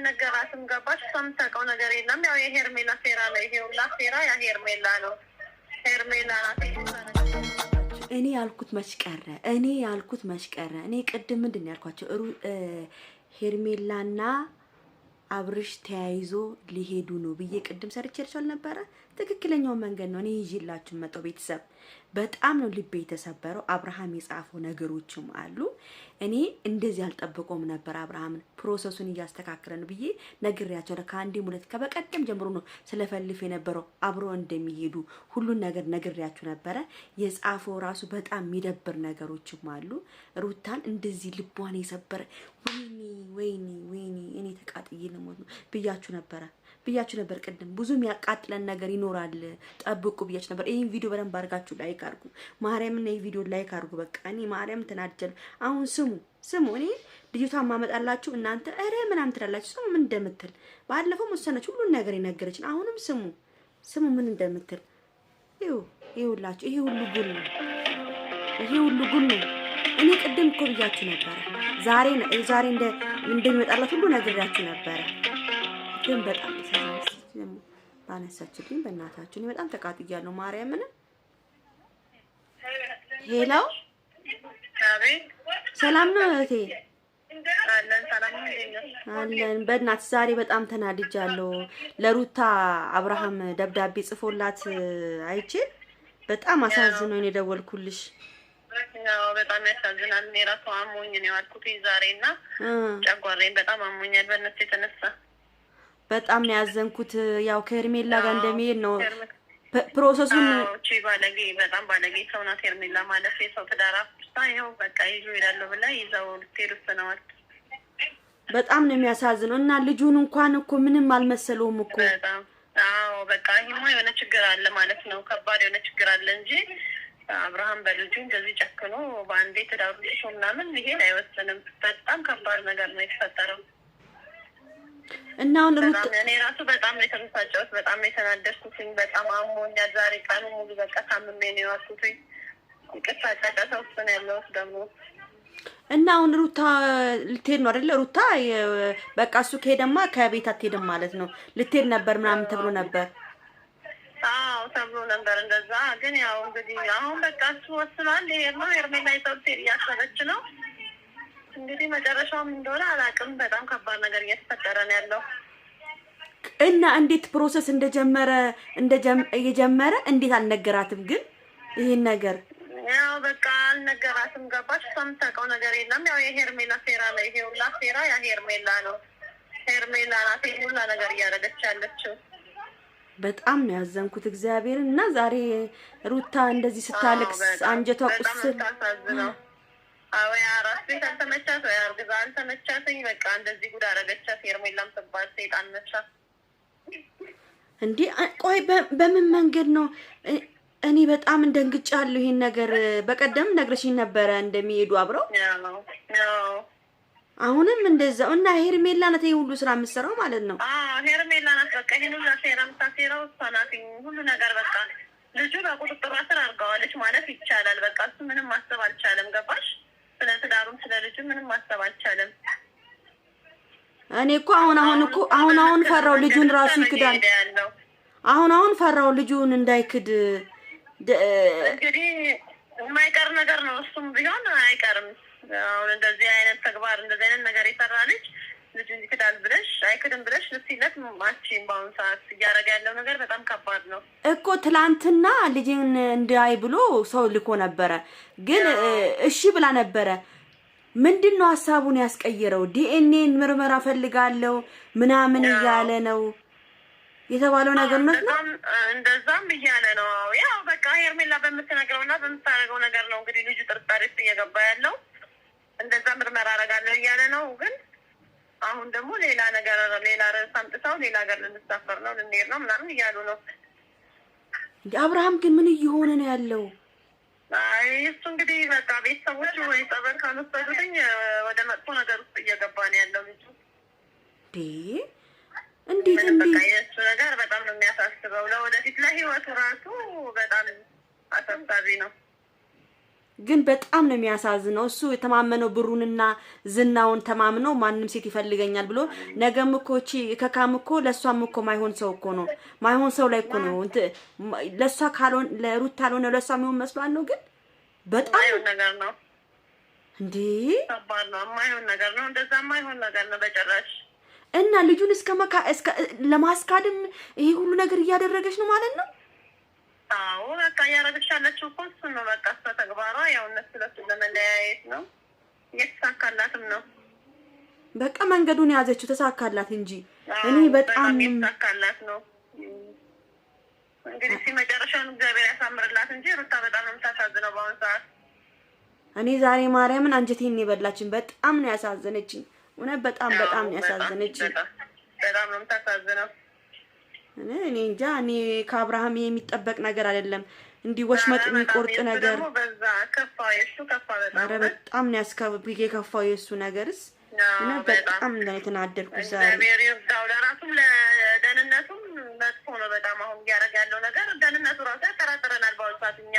አልነገራትም። ገባች? እሷ የምታውቀው ነገር የለም። ያው የሄርሜላ ሴራ ላይ ይሄውላ፣ ሴራ ያ ሄርሜላ ነው። ሄርሜላ ናት። እኔ ያልኩት መሽቀረ እኔ ያልኩት መሽቀረ እኔ ቅድም ምንድን ነው ያልኳቸው? ሄርሜላና አብርሽ ተያይዞ ሊሄዱ ነው ብዬ ቅድም ሰርቼ ነበረ። ትክክለኛው መንገድ ነው እኔ ይዤላችሁ መጣሁ። ቤተሰብ በጣም ነው ልቤ የተሰበረው። አብርሃም የጻፈው ነገሮችም አሉ። እኔ እንደዚህ አልጠብቆም ነበር። አብርሃምን ፕሮሰሱን እያስተካከለን ብዬ ነግሬያቸው ከአንዴም ሁለት ከበቀደም ጀምሮ ነው ስለፈልፍ የነበረው አብሮ እንደሚሄዱ ሁሉን ነገር ነግሬያችሁ ነበረ። የጻፈው ራሱ በጣም የሚደብር ነገሮችም አሉ። ሩታን እንደዚህ ልቧን የሰበረ ወይኔ ወይኔ እኔ ተቃጥዬ ልሞት ነው ብያችሁ ነበረ ብያችሁ ነበር። ቅድም ብዙ የሚያቃጥለን ነገር ይኖራል ጠብቁ ብያችሁ ነበር። ይህን ቪዲዮ በደንብ አድርጋችሁ ላይክ አድርጉ። ማርያምና ይህ ቪዲዮ ላይክ አድርጉ። በቃ እኔ ማርያም ትናደል። አሁን ስሙ ስሙ፣ እኔ ልጅቷን ማመጣላችሁ እናንተ እረ ምናምን ትላላችሁ። ስሙ ምን እንደምትል ባለፈው ወሰነች፣ ሁሉን ነገር የነገረችን። አሁንም ስሙ ስሙ ምን እንደምትል ይኸው፣ ይኸውላችሁ ይሄ ሁሉ ጉድ ነው። ይሄ ሁሉ ጉድ ነው። እኔ ቅድም እኮ ብያችሁ ነበረ። ዛሬ ዛሬ እንደሚመጣላት ሁሉ ነግራችሁ ነበረ። ግን በጣም ሰላም ባነሳችልኝ በእናታችሁ እኔ በጣም ተቃጥያለሁ። ማርያምን ሄሎ፣ ሰላም ነው እህቴ? አለን በእናት ዛሬ በጣም ተናድጃለሁ። ለሩታ አብርሃም ደብዳቤ ጽፎላት አይቼ በጣም አሳዝኖኝ ነው የደወልኩልሽ። በጣም ያሳዝናል። እኔ ራሱ አሞኝ ነው ያልኩት ዛሬ እና ጨጓራዬን በጣም አሞኛል በእነሱ የተነሳ በጣም ያዘንኩት። ያው ከሄርሜላ ጋር እንደሚሄድ ነው ፕሮሰሱን። እቺ ባለጌ በጣም ባለጌ ሰው ናት ሄርሜላ ማለት የሰው ትዳር አፍርሳ ይኸው በቃ ይዞ ይላሉ ብላ ይዛው ልትሄድ ወስነዋል። በጣም ነው የሚያሳዝነው እና ልጁን እንኳን እኮ ምንም አልመሰለውም እኮ በጣም አዎ፣ በቃ ይሄማ የሆነ ችግር አለ ማለት ነው። ከባድ የሆነ ችግር አለ እንጂ አብርሃም በልጁ እንደዚህ ጨክኖ በአንዴ ትዳሩ ሽ ምናምን ይሄን አይወስንም። በጣም ከባድ ነገር ነው የተፈጠረው እና አሁን እኔ ራሱ በጣም ነው የተመሳጨሁት። በጣም ነው የተናደድኩትኝ። በጣም አሞኛል። ዛሬ ቀኑ ሙሉ በቃ ታምሜ ነው የዋልኩትኝ። ቅሳ ጨቀሰ ውስጥ ነው ያለሁት ደግሞ እና አሁን ሩታ ልትሄድ ነው አይደለ? ሩታ በቃ እሱ ከሄደማ ከቤት አትሄድም ማለት ነው። ልትሄድ ነበር ምናምን ተብሎ ነበር አዎ ተብሎ ነበር እንደዛ። ግን ያው እንግዲህ አሁን በቃ እሱ ወስኗል። ይሄ ነው ኤርሜላ ኢትዮጵል እያሰበች ነው። እንግዲህ መጨረሻውም እንደሆነ አላውቅም። በጣም ከባድ ነገር እየተፈጠረ ነው ያለው እና እንዴት ፕሮሰስ እንደጀመረ እየጀመረ እንዴት አልነገራትም? ግን ይህን ነገር ያው በቃ አልነገራትም። ገባች። እሷ ነገር የለም። ያው የሄርሜላ ሴራ ነው ይሄ ሁላ ሴራ። ያ ሄርሜላ ነው ሄርሜላ ናት ሁላ ነገር እያደረገች ያለችው በጣም ነው ያዘንኩት እግዚአብሔር እና ዛሬ ሩታ እንደዚህ ስታለቅስ አንጀቷ ቁስል አዎ ያ አልተመቻትኝ እንደዚህ ትባል መቻት እንዲህ ቆይ በምን መንገድ ነው እኔ በጣም እንደንግጫለሁ ይሄን ነገር በቀደም ነግረሽኝ ነበረ እንደሚሄዱ አብረው አሁንም እንደዛው እና ሄርሜላ ናት ይሄ ሁሉ ስራ የምትሰራው ማለት ነው። አዎ ሄርሜላ ናት። በቃ ይሄን ሁሉ ሴራ የምታሴራው እሷ ናት። ሁሉ ነገር በቃ ልጁ በቁጥጥሯ ስር አድርገዋለች ማለት ይቻላል። በቃ እሱ ምንም ማሰብ አልቻለም። ገባሽ? ስለ ትዳሩም ስለ ልጁ ምንም ማሰብ አልቻለም። እኔ እኮ አሁን አሁን እኮ አሁን አሁን ፈራው ልጁን ራሱ ይክዳል። አሁን አሁን ፈራው ልጁን እንዳይክድ እንግዲህ የማይቀር ነገር ነው። እሱም ቢሆን አይቀርም አሁን እንደዚህ አይነት ተግባር እንደዚህ አይነት ነገር የሰራ ልጅ ልጅ እንዲክዳል ብለሽ አይክድም ብለሽ ልትይለት ማችን በአሁኑ ሰዓት እያደረገ ያለው ነገር በጣም ከባድ ነው እኮ። ትላንትና ልጅን እንዳይ ብሎ ሰው ልኮ ነበረ፣ ግን እሺ ብላ ነበረ። ምንድን ነው ሀሳቡን ያስቀየረው? ዲኤንኤን ምርመራ ፈልጋለው ምናምን እያለ ነው የተባለው ነገር እውነት ነው። እንደዛም እያለ ነው ያው በቃ ሄርሜላ በምትነግረው እና በምታደርገው ነገር ነው እንግዲህ ልጁ ጥርጣሬ ውስጥ እየገባ ያለው እንደዛ ምርመራ አረጋለሁ እያለ ነው። ግን አሁን ደግሞ ሌላ ነገር ሌላ ርዕስ አምጥተው ሌላ ሀገር ልንሳፈር ነው ልንሄድ ነው ምናምን እያሉ ነው። አብርሃም ግን ምን እየሆነ ነው ያለው? አይ እሱ እንግዲህ በቃ ቤተሰቦች ወይ ጸበል ካልወሰዱትኝ ወደ መጥፎ ነገር ውስጥ እየገባ ነው ያለው ልጁ። እንዴት በቃ የእሱ ነገር በጣም ነው የሚያሳስበው። ለወደፊት ለህይወቱ ራሱ በጣም አሳሳቢ ነው። ግን በጣም ነው የሚያሳዝነው። እሱ የተማመነው ብሩንና ዝናውን ተማምኖ ማንም ሴት ይፈልገኛል ብሎ ነገም እኮ እቺ ከካም እኮ ለእሷም እኮ ማይሆን ሰው እኮ ነው ማይሆን ሰው ላይ እኮ ነው ለእሷ ካልሆን ለሩት ካልሆነ ለእሷ የሚሆን መስሏል ነው። ግን በጣም ነገር ነው እንዴ ነገር ነው። እንደዛ ነገር ነው እና ልጁን እስከ ለማስካድም ይሄ ሁሉ ነገር እያደረገች ነው ማለት ነው አዎ በቃ እያረገች ያለችው እኮ እሱን ነው። በቃ እሷ ተግባሯ ያው እነሱ ለሱን ለመለያየት ነው። እየተሳካላትም ነው። በቃ መንገዱን የያዘችው ተሳካላት እንጂ እኔ በጣም ተሳካላት ነው። እንግዲህ እስኪ መጨረሻውን እግዚአብሔር ያሳምርላት እንጂ ሩታ በጣም ነው የምታሳዝነው በአሁኑ ሰዓት። እኔ ዛሬ ማርያምን አንጀቴን ነው የበላችን። በጣም ነው ያሳዘነችኝ። እውነት በጣም በጣም ነው ያሳዘነችኝ። በጣም ነው የምታሳዝነው። እኔ እንጃ እኔ ከአብርሃም የሚጠበቅ ነገር አይደለም። እንዲህ ወሽመጥ የሚቆርጥ ነገር ኧረ በጣም ነው ያስከብ የከፋው የእሱ ነገርስ እና በጣም ነው የተናደድኩት ዛሬ። ለራሱም ለደህንነቱም መጥፎ ነው በጣም አሁን እያደረገ ያለው ነገር ደህንነቱ ራሱ ያጠራጥረናል በአሁኑ ሰዓት እኛ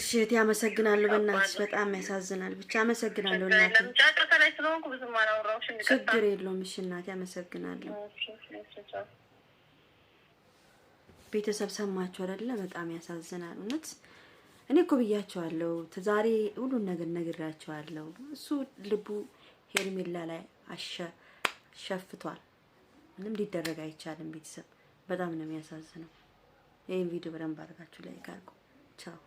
እሺ እህቴ አመሰግናለሁ። በእናትሽ በጣም ያሳዝናል። ብቻ አመሰግናለሁ እናቴ። ችግር የለውም። እሺ እናቴ አመሰግናለሁ። ቤተሰብ ሰማችሁ አይደለ? በጣም ያሳዝናል እውነት። እኔ እኮ ብያቸዋለሁ፣ ዛሬ ሁሉን ነገር ነግራቸዋለሁ። እሱ ልቡ ሄርሜላ ላይ አሸፍቷል። ምንም ሊደረግ አይቻልም። ቤተሰብ በጣም ነው የሚያሳዝነው። ይህን ቪዲዮ በደንብ አድርጋችሁ ላይ ጋርጉ። ቻው